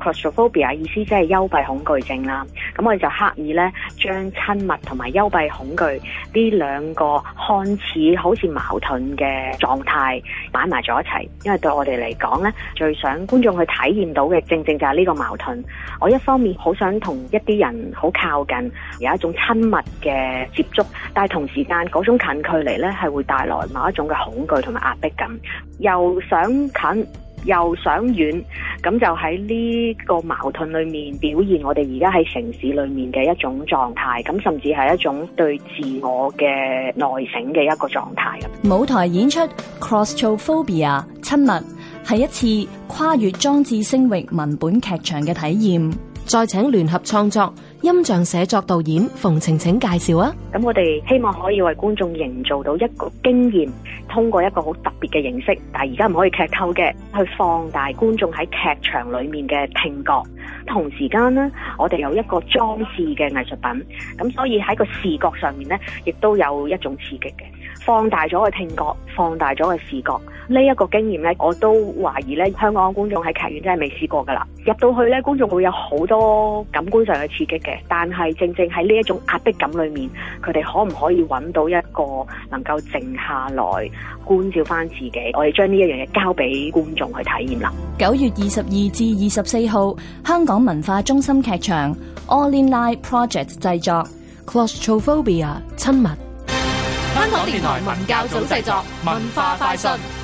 Claustrophobia 意思即係幽，幽閉恐懼症啦，咁我哋就刻意咧將親密同埋幽閉恐懼呢兩個看似好似矛盾嘅狀態擺埋咗一齊，因為對我哋嚟講咧，最想觀眾去體驗到嘅正正就係呢個矛盾。我一方面好想同一啲人好靠近，有一種親密嘅接觸，但係同時間嗰種近距離咧係會帶來某一種嘅恐懼同埋壓迫感，又想近又想遠。咁就喺呢個矛盾裏面表現我哋而家喺城市裏面嘅一種狀態，咁甚至係一種對自我嘅內省嘅一個狀態。舞台演出《Crossphobia》親密係一次跨越裝置、聲域、文本、劇場嘅體驗。再請聯合創作、音像寫作導演馮晴晴介紹啊！咁我哋希望可以為觀眾營造到一個經驗，通過一個好特別嘅形式，但係而家唔可以劇透嘅，去放大觀眾喺劇場裏面嘅聽覺，同時間呢，我哋有一個裝置嘅藝術品，咁所以喺個視覺上面呢，亦都有一種刺激嘅。放大咗嘅聽覺，放大咗嘅視覺，呢一個經驗咧，我都懷疑咧，香港嘅觀眾喺劇院真係未試過噶啦。入到去咧，觀眾會有好多感官上嘅刺激嘅，但係正正喺呢一種壓迫感裏面，佢哋可唔可以揾到一個能夠靜下來觀照翻自己？我哋將呢一樣嘢交俾觀眾去體驗啦。九月二十二至二十四號，香港文化中心劇場 All in Life Project 製作 Claustrophobia 親密。香港電台、文教，電台文教組製作，文化快訊。